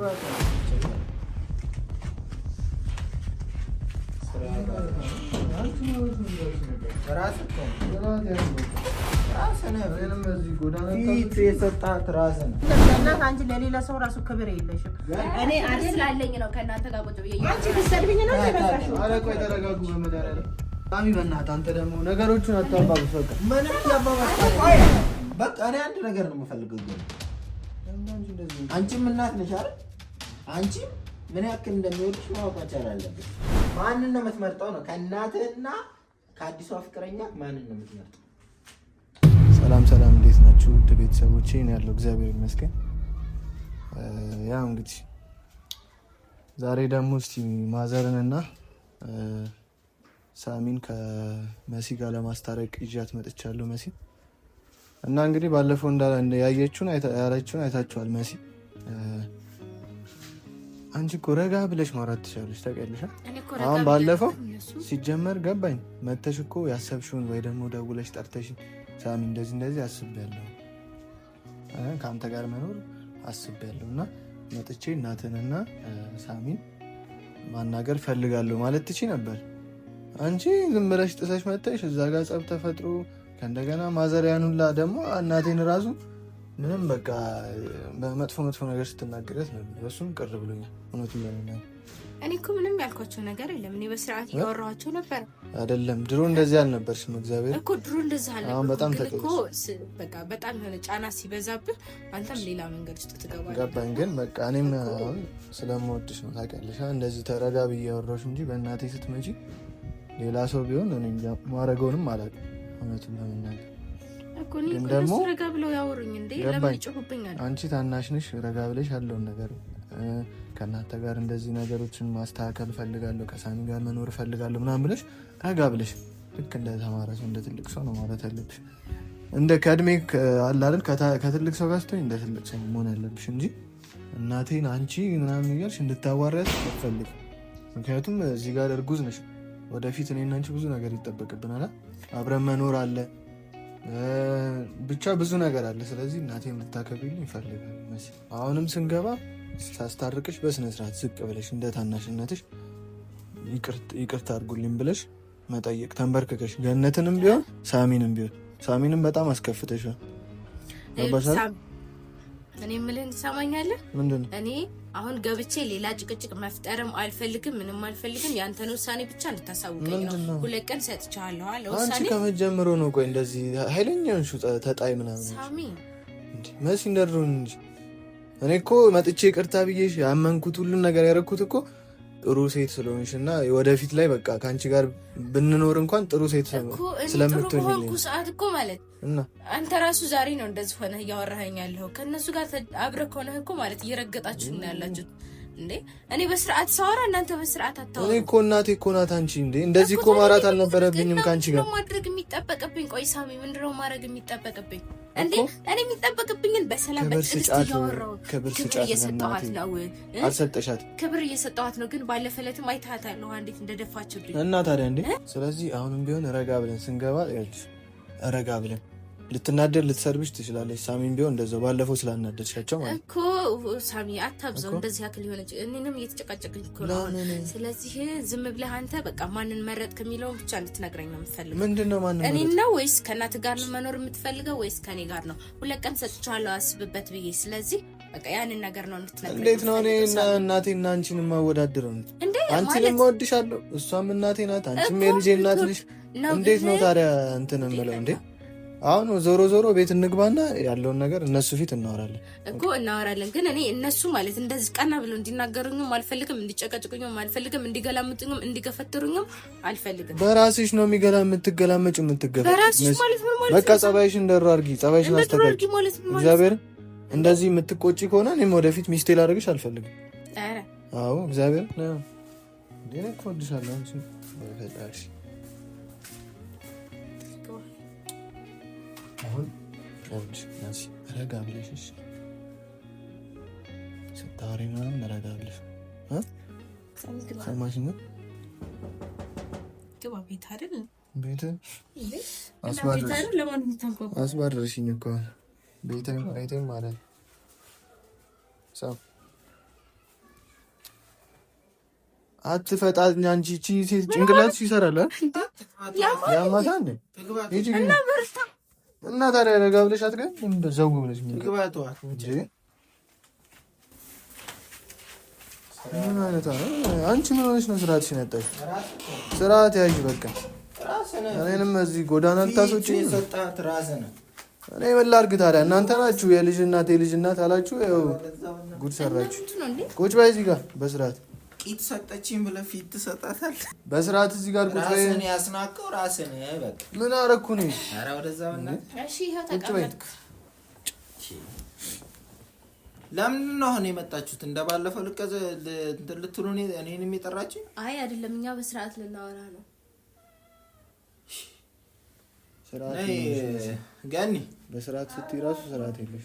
ፊት የሰጣት ራስህ ነው። ከእናትህ አንቺ ለሌላ ሰው ራሱ ክብር የለሽም። እኔ ስላለኝ ነው ከእናንተ ጋር ቁጭ ብዬሽ አንቺ ልትሰድብኝ ነው። ኧረ ቆይ ተረጋጉ ጣሚ በእናትህ አንተ ደግሞ ነገሮቹን አታባብስ። በቃ ምንም ያባባስ በቃ እኔ አንድ ነገር ነው የምፈልገው። አንቺም እናት ነሽ አይደል? አንቺ ምን ያክል እንደሚወድሽ ማወቅ መቻል አለብሽ። ማንን ነው የምትመርጠው ነው? ከእናትህና ከአዲሷ ፍቅረኛ ማንን ነው የምትመርጠው? ሰላም ሰላም፣ እንዴት ናችሁ ውድ ቤተሰቦቼ? ነው ያለው እግዚአብሔር ይመስገን። ያው እንግዲህ ዛሬ ደግሞ እስቲ ማዘርንና ሳሚን ከመሲ ጋር ለማስታረቅ ይዣት መጥቻለሁ። መሲ እና እንግዲህ ባለፈው ያየችውን ያላችሁን አይታችኋል መሲ አንቺ እኮ ረጋ ብለሽ ማውራት ትችላለሽ። ታውቂያለሽ። አሁን ባለፈው ሲጀመር ገባኝ መተሽ እኮ ያሰብሽውን ወይ ደግሞ ደውለሽ ጠርተሽ ሳሚ እንደዚህ እንደዚህ አስቤያለሁ ከአንተ ጋር መኖር አስቤያለሁ እና መጥቼ እናትንና ሳሚን ማናገር ፈልጋለሁ ማለት ትቺ ነበር። አንቺ ዝም ብለሽ ጥሰሽ መተሽ እዛ ጋር ጸብ ተፈጥሮ ከእንደገና ማዘሪያኑላ ደግሞ እናቴን ራሱ ምንም በቃ በመጥፎ መጥፎ ነገር ስትናገረት በሱም ቅር ብሎኛል። እውነቱ ለምና እኔ እኮ ምንም ያልኳቸው ነገር የለም። እኔ በስርዓት እያወራኋቸው ነበር። አይደለም ድሮ እንደዚህ አልነበርሽም። እግዚአብሔር እኮ ድሮ እንደዚህ አልነበርኩም። በጣም በቃ በጣም የሆነ ጫና ሲበዛብህ አንተም ሌላ መንገድ ውስጥ ትገባለህ። ገባኝ። ግን በቃ እኔም ስለምወድሽ ነው ታውቂያለሽ። እንደዚህ ተረጋ ብዬ ያወራሁሽ እንጂ በእናቴ ስትመጪ ሌላ ሰው ቢሆን እኔ ማረገውንም አላውቅም። እውነቱን ለምናገር ግን ደግሞ ረጋ ብለው ያወሩኝ እንዴ? ለምን ይጮሁብኛል? አንቺ ታናሽ ነሽ። ረጋ ብለሽ ያለውን ነገር ከእናንተ ጋር እንደዚህ ነገሮችን ማስተካከል እፈልጋለሁ፣ ከሳሚ ጋር መኖር እፈልጋለሁ ምናምን ብለሽ ረጋ ብለሽ ልክ እንደ ተማረ ሰው እንደ ትልቅ ሰው ነው ማለት ያለብሽ። እንደ ከእድሜ አለ አይደል ከትልቅ ሰው ጋር ስትሆኝ እንደ ትልቅ ሰው መሆን ያለብሽ እንጂ እናቴን አንቺ ምናምን እያልሽ እንድታዋሪያት አትፈልግም። ምክንያቱም እዚህ ጋር እርጉዝ ነሽ። ወደፊት እኔና አንቺ ብዙ ነገር ይጠበቅብናል። አብረን መኖር አለ ብቻ ብዙ ነገር አለ። ስለዚህ እናቴ የምታከብልኝ ይፈልጋል። አሁንም ስንገባ ሳስታርቅሽ በስነስርዓት ዝቅ ብለሽ እንደ ታናሽነትሽ ይቅርታ አድርጉልኝ ብለሽ መጠየቅ ተንበርክከሽ፣ ገነትንም ቢሆን ሳሚንም ቢሆን ሳሚንም በጣም አስከፍተሻል። እኔ የምልህን ትሰማኛለህ? ምንድን ነው እኔ አሁን ገብቼ ሌላ ጭቅጭቅ መፍጠርም አልፈልግም፣ ምንም አልፈልግም። ያንተን ውሳኔ ብቻ እንድታሳውቀኝ ነው። ሁለት ቀን ሰጥቻለሁ። አንቺ ከመጀመሩ ነው። ቆይ እንደዚህ ኃይለኛውን ሹ ተጣይ ምናምን ሳሚ መሲ እንደድሮን እንጂ እኔ እኮ መጥቼ ይቅርታ ብዬሽ ያመንኩት ሁሉን ነገር ያደረኩት እኮ ጥሩ ሴት ስለሆንሽ እና ወደፊት ላይ በቃ ከአንቺ ጋር ብንኖር እንኳን ጥሩ ሴት ስለምትሆኝ ሰዓት እኮ ማለት አንተ ራሱ ዛሬ ነው እንደዚህ ሆነ እያወራኸኝ ያለው ከእነሱ ጋር አብረህ ከሆነህ እኮ ማለት እየረገጣችሁ ነው ያላችሁት እንዴ እኔ በስርዓት ሳወራ እናንተ በስርዓት አታወሩ። እኔ እኮ እናቴ እኮ ናት። አንቺ እንዴ እንደዚህ እኮ ማራት አልነበረብኝም ከአንቺ ጋር ማድረግ የሚጠበቅብኝ። ቆይ ሳሚ ምንድን ነው ማድረግ የሚጠበቅብኝ? እንዴ እኔ የሚጠበቅብኝን በሰላም በጥቅስ እያወራሁ ክብር እየሰጠኋት ነው። ክብር እየሰጠኋት ነው። ግን ባለፈ ዕለትም አይታታለሁ እንዴት እንደደፋችብኝ እና ታዲያ እንዴ። ስለዚህ አሁንም ቢሆን ረጋ ብለን ስንገባ ረጋ ብለን ልትናደር ልትሰርብሽ ትችላለች። ሳሚን ቢሆን እንደዛው ባለፈው ስላናደድሻቸው ማለት እኮ ሳሚ አታብዘው። እንደዚህ ያክል የሆነ እኔንም እየተጨቃጨቅን እኮ ነው። ስለዚህ ዝም ብለህ አንተ በቃ ማንን መረጥ ከሚለውን ብቻ እንድትነግረኝ ነው የምትፈልገው። ምንድን ነው ማንን እኔን ነው ወይስ ከእናት ጋር ነው መኖር የምትፈልገው ወይስ ከኔ ጋር ነው? ሁለት ቀን ሰጥቻለሁ አስብበት ብዬ። ስለዚህ በቃ ያንን ነገር ነው እንድትነግረኝ። እንዴት ነው እኔ እናቴ እና አንቺን የማወዳድረው? አንቺንም እወድሻለሁ፣ እሷም እናቴ ናት፣ አንቺም የልጄ እናት ነሽ። እንዴት ነው ታዲያ እንትን የምለው እንዴ አሁን ዞሮ ዞሮ ቤት እንግባና ያለውን ነገር እነሱ ፊት እናወራለን እኮ እናወራለን። ግን እኔ እነሱ ማለት እንደዚህ ቀና ብሎ እንዲናገሩኝም አልፈልግም፣ እንዲጨቀጭቁኝም አልፈልግም፣ እንዲገላምጡኝም እንዲገፈትሩኝም አልፈልግም። በራስሽ ነው የሚገላ የምትገላመጭ የምትገፈ በቃ ጸባይሽ እንደሩ አድርጊ፣ ጸባይሽን አስተካኪ። እግዚአብሔር እንደዚህ የምትቆጭ ከሆነ እኔም ወደፊት ሚስቴ ላደርግሽ አልፈልግም። አዎ እግዚአብሔር እኮ እወድሻለሁ አሁን ጆርጅ ነዚ ረጋ ብለሽ ስታወሪ ምናምን ረጋ ብለሽ ሰማሽ ነው። ግባ ቤት አይደል ቤት አስባድረሽኝ እኮ ቤትም አይቴም ማለት ሰው አትፈጣኝ አንቺ ቺ ሴት ጭንቅላት ይሰራል ያማታን እና ታዲያ ረጋ ብለሽ አትገቢም? ዘው ብለሽ ምን አንቺ ምን ሆነሽ ነው ስርዓት ሲነጠሽ? ስርዓት ያዥ በቃ። እኔንም እዚህ ጎዳና ልታሶች እኔ ምን ላድርግ ታዲያ? እናንተ ናችሁ የልጅ እናት የልጅ እናት አላችሁ። ጉድ ሰራችሁ። ቁጭ በይ እዚህ ጋር በስርዓት ቂት ሰጠችኝ ብለህ ፊት ትሰጣታል። በስርዓት እዚህ ጋር ቁጭ ራስን ያስናቀው ራስን በቃ ምን አደረኩ ነው? ኧረ ወደዛ ለምንድን ነው አሁን የመጣችሁት? እንደባለፈው ልቀዘ ልትሉ እኔንም የጠራችኝ? አይ አይደለም፣ እኛ በስርዓት ልናወራ ነው። ገኒ በስርዓት ስትይ ራሱ ስርዓት የለሽ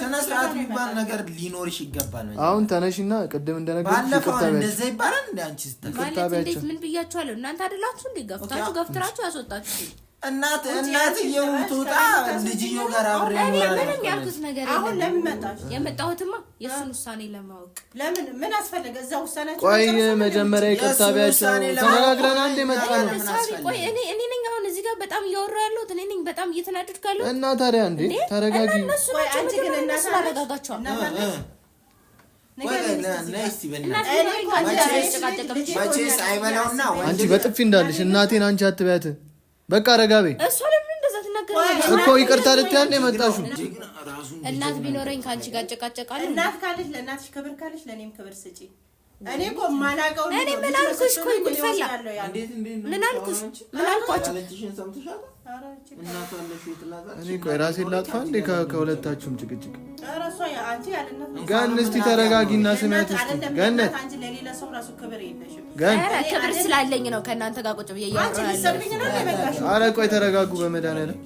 ስነ ስርዓት የሚባል ነገር ሊኖርሽ ይገባል። አሁን ተነሽና ቅድም እንደነገርኩሽ እንደዚያ ይባላል። እንደ አንቺ ስትል ምን ብያችኋለሁ? እናንተ አይደላችሁ እንደ ገፍታችሁ ገፍትራችሁ ያስወጣችሁ እናት እናትዬው ትውጣ ልጅዮ ጋር አብሬ ምንም ያልኩት ነገር አሁን ለምን መጣሽ? የመጣሁትማ የእሱን ውሳኔ ለማወቅ ለምን ምን አስፈለገ? እዛ ውሳኔ ቆይ መጀመሪያ ይቅርታ ቢያቸው ተነጋግረን አንድ የመጣ ነው። ቆይ እኔ እኔ ነኝ ጋር በጣም እያወራ ያለሁት እኔ ነኝ። በጣም እየተናደድኩ ያለሁት እና ታዲያ እንዴ ተረጋጊ። እነሱ ናቸው እነሱ ላረጋጋቸዋል። አንቺ በጥፊ እንዳለሽ እናቴን አንቺ አትበያት። በቃ ረጋቤ እኮ ይቅርታ ልትያል ነው የመጣሽው። እናት ቢኖረኝ ከአንቺ ጋር ጨቃጨቃለሁ። እናት ካለሽ ለእናትሽ ክብር ካለሽ ለእኔም ክብር ስጪ። እኔ እኮ የማላውቀው እኔ ምን አልኩሽ? ቆይ ፈላ ምን አልኩሽ? ምን እኔ ቆይ ራሴን ላጥፋ እንዴ? ከሁለታችሁም ጭቅጭቅ ገን፣ እስቲ ተረጋጊና ስሚያት እስቲ ገነት። ክብር ስላለኝ ነው ከእናንተ ጋር ቁጭ ብዬ ኧረ ቆይ ተረጋጉ በመድኃኒዓለም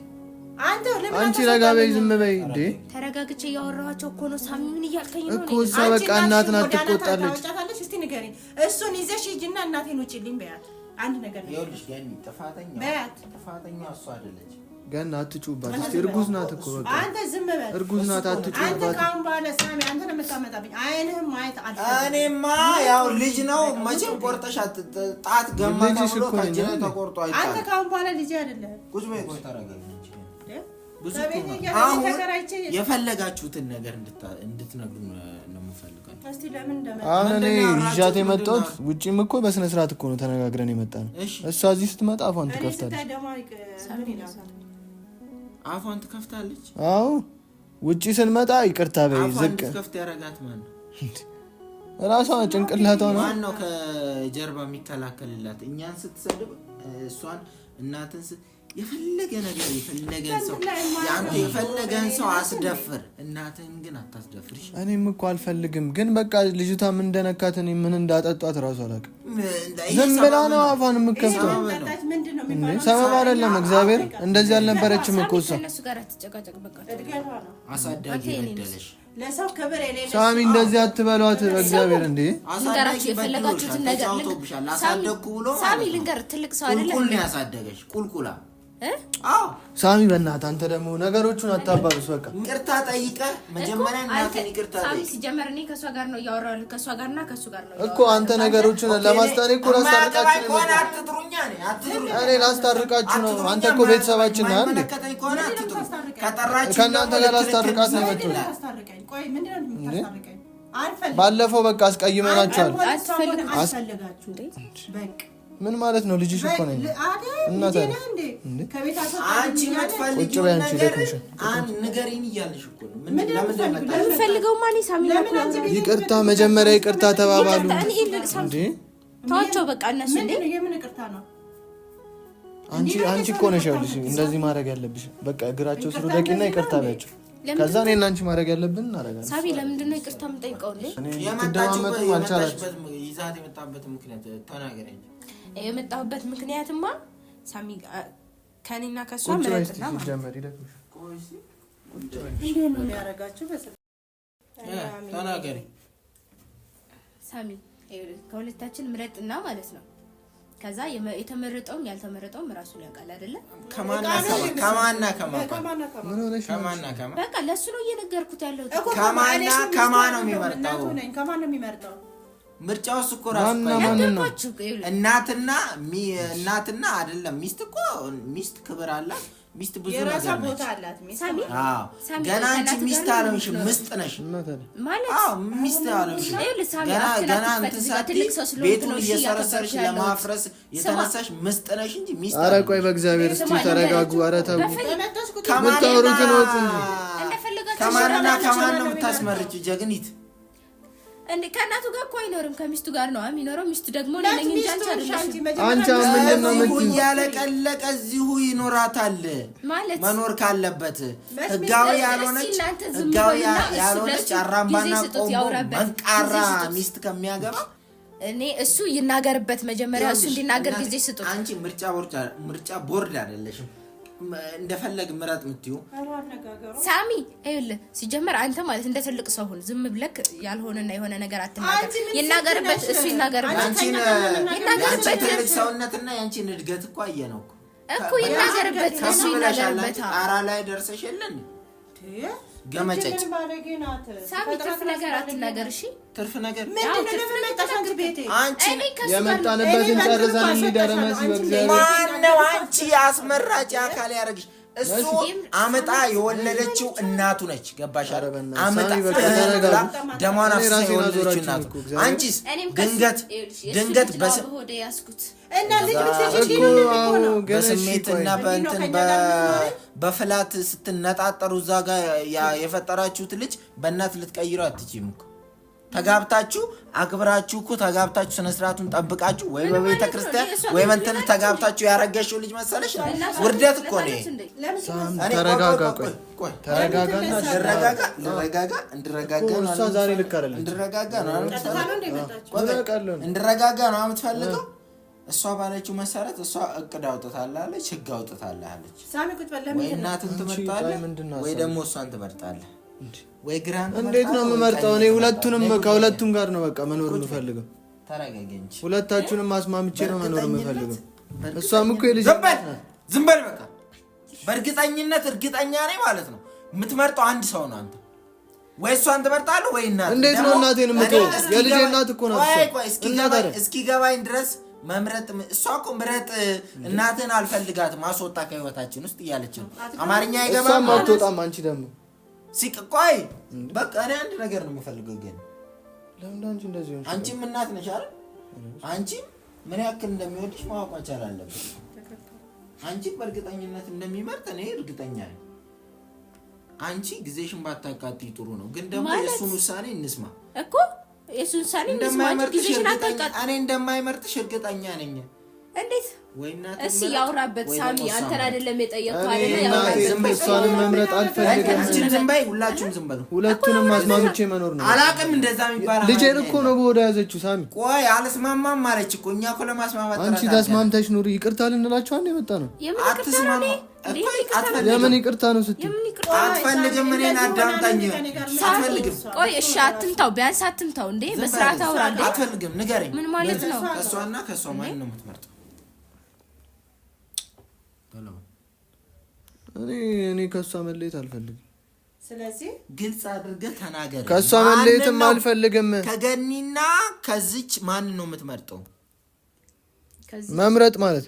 አንቺ ረጋ በይ፣ ዝም በይ እንዴ! ተረጋግቼ እያወራኋቸው እኮ ነው። ሳሚ ምን እያልከኝ ነው እኮ? እሷ በቃ እናት ናት፣ ትቆጣለች። እስቲ ንገሪኝ፣ እሱን ይዘሽ ሂጂና እናቴን ውጪልኝ በያት። አንድ ነገር ነው ይኸውልሽ፣ ገኒ ጥፋተኛ በያት። ጥፋተኛ እሷ አይደለች። ገና አትጩባት እስቲ፣ እርጉዝ ናት እኮ በቃ። አንተ ዝም በል፣ እርጉዝ ናት፣ አትጩባት። አንተ ካሁን በኋላ ሳሚ፣ አንተ ነው የምታመጣብኝ። አይንህም ማየት አልፈልግም። እኔማ ያው ልጅ ነው መቼም ቆርጠሽ ጣት ገማ ተብሎ ተቆርጦ አይጣል። አንተ ካሁን በኋላ ልጅ አይደለህ። ቁጭ በይ፣ ቆይ ተረጋግ ብዙ አሁን የፈለጋችሁትን ነገር እንድትነግሩ ነው የምፈልጋለሁ። አሁን እኔ ይዣት የመጣሁት ውጭም እኮ በስነ ስርዓት እኮ ነው ተነጋግረን የመጣ ነው። እሷ እዚህ ስትመጣ አፏን ትከፍታለች። አፏን ትከፍታለች። አዎ ውጭ ስንመጣ ይቅርታ በይ ዝቅ ራሷ ጭንቅላቷ ነው። ማን ነው ከጀርባ የሚከላከልላት? እኛን ስትሰድብ እሷን እናትን የፈለገ ነገር የፈለገን ሰው ያንተ የፈለገን ሰው አስደፍር፣ እናትህን ግን አታስደፍር። እኔም እኮ አልፈልግም፣ ግን በቃ ልጅቷ ምን እንደነካት እኔ ምን እንዳጠጧት እራሱ አላውቅም። ዝም ብላ ነው አፏን የምከፍተው። ሰበብ አይደለም እግዚአብሔር። እንደዚህ አልነበረችም እኮ እሷ። አሳዳጊ በደለሽ ሳሚ እንደዚህ አትበሏት በእግዚአብሔር። እንዴ ልንገራችሁ የፈለጋችሁትን ነገር ሳሚ ልንገር፣ ትልቅ ሰው አይደለም ያሳደገሽ ቁልቁላ ሳሚ በእናትህ አንተ ደግሞ ነገሮቹን አታባብስ። በቃ ይቅርታ ጠይቀህ መጀመሪያ እናትህን ይቅርታ ሲጀመር እኔ ከእሷ ጋር ነው እያወራሁ ያለሁት ከእሷ ጋር እና ከእሱ ጋር ነው እኮ አንተ ነገሮቹን ለማስታረቅ እኮ ላስታርቃችሁ ነው። አንተ እኮ ቤተሰባችን ነህ። ከእናንተ ጋር ላስታርቃት ነው የመጡት። ባለፈው በቃ አስቀይመናችኋል። ምን ማለት ነው? ልጅሽ እኮ ነኝ። እናት አንቺ የምትፈልጊውን ነገር ንገሪኝ እያለሽ እኮ ነው። የምፈልገው ማን ይቅርታ መጀመሪያ ይቅርታ ተባባሉ። ተዋቸው በቃ እነሱ። አንቺ አንቺ እኮ ነሽ ያው ልጅ እንደዚህ ማድረግ ያለብሽ በቃ እግራቸው ስሩ ደቂና ይቅርታ በያቸው። ከዛ እኔ እና አንቺ ማድረግ ያለብን እናደርጋለን። ሳሚ ለምንድን ነው ይቅርታ የምጠይቀው? ትደማመጡ አልቻላችሁ። ይዛት የመጣበት ምክንያት ተናገረኝ። የመጣሁበት ምክንያትማ ሳሚ ከኔና ከእሷ ምረጥና ሳሚ ከሁለታችን ምረጥና ማለት ነው። ከዛ የተመረጠውም ያልተመረጠውም ራሱን ያውቃል አይደለ? ከማና ከማና በቃ ለእሱ ነው እየነገርኩት ያለው። ከማና ከማ ነው የሚመርጠው ምርጫው እኮ ራሱ እናትና እናትና አይደለም። ሚስት እኮ ሚስት ክብር አላት። ሚስት ብዙ ነገር ነች። ገና አንቺ ሚስት አለምሽ ምስጥ ነሽ። አዎ ሚስት አለምሽ ገና ገና እንትን ሳትይ ቤቱን እየሰረሰርሽ ለማፍረስ የተነሳሽ ምስጥ ነሽ እንጂ ሚስት። ኧረ ቆይ በእግዚአብሔር እስቲ ተረጋጉ። ኧረ ተው ከምታወሩት ነው። ከማንና ከማን ነው የምታስመርጭ ጀግኒት? እንዴ ከእናቱ ጋር እኮ አይኖርም፣ ከሚስቱ ጋር ነው የሚኖረው። ሚስቱ ደግሞ እያለቀለቀ እዚሁ ይኖራታል ማለት መኖር ካለበት ህጋዊ ያልሆነች ህጋዊ ያልሆነች አራምባና ቆሞ መንቃራ ሚስት ከሚያገባ እኔ እሱ ይናገርበት መጀመሪያ፣ እሱ እንዲናገር ጊዜ ስጡት። አንቺ ምርጫ ምርጫ ቦርድ አይደለሽም። እንደፈለግ ምረጥ ምትዩ ሳሚ ይኸውልህ፣ ሲጀመር አንተ ማለት እንደ ትልቅ ሰው ሁን። ዝም ብለክ ያልሆነና የሆነ ነገር አትናገር። ይናገርበት እሱ ይናገርበት፣ ይናገርበት። ትልቅ ሰውነትና ያንቺን እድገት እኮ አየነው እኮ ይናገርበት፣ እሱ ይናገርበት። አራ ላይ ደርሰሽ የለን ገመጨጭ ትርፍ ነገር አትናገር። እሺ ትርፍ ነገር የመጣንበትን ጨርሰን እንሂድ። በእግዚአብሔር ማነው አንቺ አስመራጭ አካል ያደረግሽ? እሱ አመጣ የወለደችው እናቱ ነች። ገባሽ? አመጣ ደሟን አፍሳ የወለደችው እናቱ። አንቺስ ድንገት ድንገት በስሜትና በእንትን በፍላት ስትነጣጠሩ እዛ ጋ የፈጠራችሁት ልጅ በእናት ልትቀይሩ አትችይም እኮ ተጋብታችሁ አክብራችሁ እኮ ተጋብታችሁ ስነ ስርዓቱን ጠብቃችሁ ወይ በቤተ ክርስቲያን ወይ በእንትን ተጋብታችሁ ያረገሽው ልጅ መሰለሽ ነው። ውርደት እኮ ነው። ተረጋጋ፣ ተረጋጋ፣ እንድረጋጋ ነው የምትፈልገው። እሷ ባለችው መሰረት እሷ እቅድ አውጥታላለች፣ ህግ አውጥታላለች። ወይ እናትን ትመርጣለህ ወይ ደግሞ እሷን ትመርጣለህ። እንዴት ነው የምመርጠው? እኔ ሁለቱንም ከሁለቱም ጋር ነው በቃ መኖር የምፈልገው። ሁለታችሁንም አስማምቼ ነው መኖር የምፈልገው። እሷም እኮ የልጅ ዝም በል በቃ። በእርግጠኝነት እርግጠኛ ነኝ ማለት ነው የምትመርጠው አንድ ሰው ነው አንተ ወይ እሷን ትመርጣለህ ወይ እናት። እንዴት ነው እናቴን የምትወው? የልጅ እናት እኮ ናት እስኪገባኝ ድረስ መምረጥ እሷ እኮ ምረጥ፣ እናትን አልፈልጋትም፣ አስወጣ ከህይወታችን ውስጥ እያለች ነው። አማርኛ ይገባ። እሷም አትወጣም አንቺ ደግሞ ሲቀቋይ በቃ እኔ አንድ ነገር ነው የምፈልገው። ግን አንቺም እናት ነሽ አይደል? አንቺም ምን ያክል እንደሚወድሽ ማወቅ መቻል አለብሽ። አንቺን በእርግጠኝነት እንደሚመርጥ እኔ እርግጠኛ ነኝ። አንቺ ጊዜሽን ባታቃጢ ጥሩ ነው። ግን ደግሞ የእሱን ውሳኔ እንስማ እኮ የእሱን ውሳኔ እንደማይመርጥሽ እርግጠኛ ነኝ። እንዴት እሺ ያውራበት ሳሚ፣ አንተን አይደለም የጠየቅኩህ መምረጥ አልፈልግም። ዝም በይ ሁላችሁም ዝም በሉ። ሁለቱንም አስማምቼ መኖር ነው። አላቅም እንደዛ የሚባል ልጄን እኮ ነው በወደ ያዘችው። ሳሚ ቆይ አልስማማም ማለች እኮ እኛ እኮ ለማስማማት አንቺ ተስማምተሽ ኑሪ። ይቅርታ ልንላችሁ አንድ የመጣ ነው። የምን ይቅርታ ነው አትፈልግም። ቢያንስ አትምታው እንዴ! በስርዓት አውራ ምን ማለት ነው? ከእሷና ከእሷ ማን ነው የምትመርጠው? እኔ እኔ ከእሷ መለየት አልፈልግም። ስለዚህ ግልጽ አድርገህ ተናገር። ከእሷ መለየትም አልፈልግም። ከገኒና ከዚች ማን ነው የምትመርጠው? መምረጥ ማለት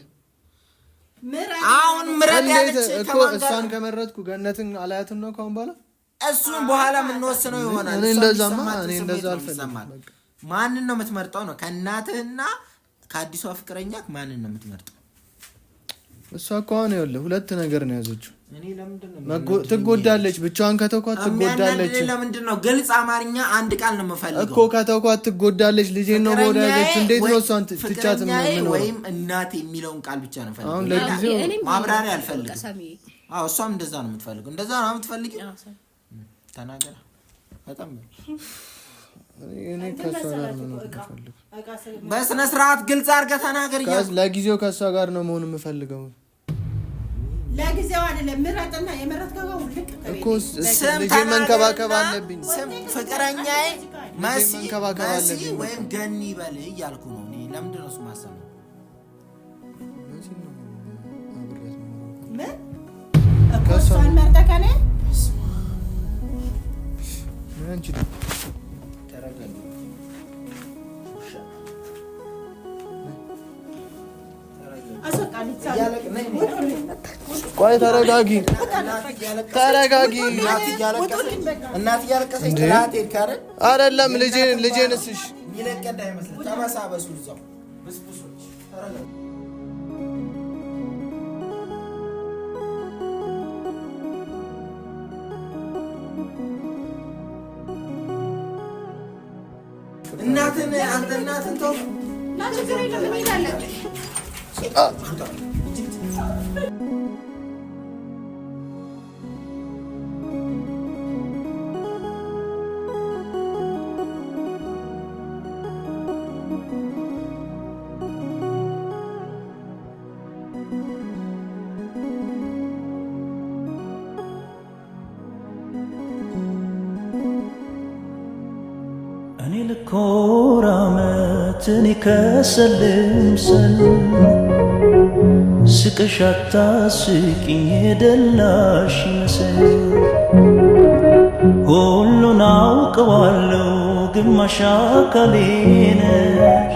አሁን ምረጥ ያለች እሷን ከመረጥኩ ገነትን አላያትም ነው ካሁን በኋላ እሱን በኋላ የምንወስነው ይሆናል። ማንን ነው የምትመርጠው ነው? ከእናትህና ከአዲሷ ፍቅረኛ ማንን ነው የምትመርጠው? እሷ እኮ አሁን ይኸውልህ ሁለት ነገር ነው የያዘችው። ትጎዳለች፣ ብቻዋን ከተውኳት ትጎዳለች። ለምንድን ነው ግልጽ አማርኛ አንድ ቃል ነው የምፈልገው እኮ ከተውኳት ትጎዳለች። ልጄ ነው ወዳጆች፣ እንዴት ነው እሷን ትቻት? ወይም እናት የሚለውን ቃል ብቻ ነው አሁን ለጊዜው ማብራሪያ አልፈልግም። እሷም እንደዛ ነው የምትፈልገው፣ እንደዛ ነው የምትፈልግ። በጣም እኔ ከእሷ ጋር ነው ፈልግ በስነ ስርዓት ግልጽ አድርገህ ተናገር። ለጊዜው ከእሷ ጋር ነው መሆን የምፈልገው። ለጊዜው የመረጥከው ልክ መንከባከብ አለብኝ። ፍቅረኛዬ መሲ አለብኝ ወይም ገኒ በል እያልኩ ነው። ለምንድን ነው እሱ ማሰብ ነው? ምን ቆይ ተረጋጊ፣ ተረጋጊ። እናት እያለቀሰች አይደለም። ልጄን ልጄን እስሽ እናትን አንተ እናትን ተው 아! أني الكورة ما تنكسل مسلم ስቀሽ አታስቂኝ የደላሽ ይመስል ሁሉን አውቀዋለሁ ግማሽ አካሌ ነሽ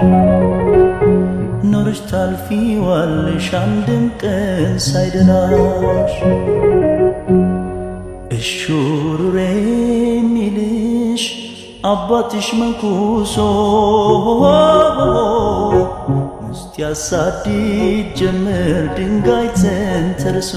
ታልፊ ታልፊዋለሽ አንድም ቀን ሳይደላሽ እሹሩሬ ሚልሽ አባትሽ መንኩሶ ውስጥ ያሳድድ ጀመር ድንጋይ ተንተርሶ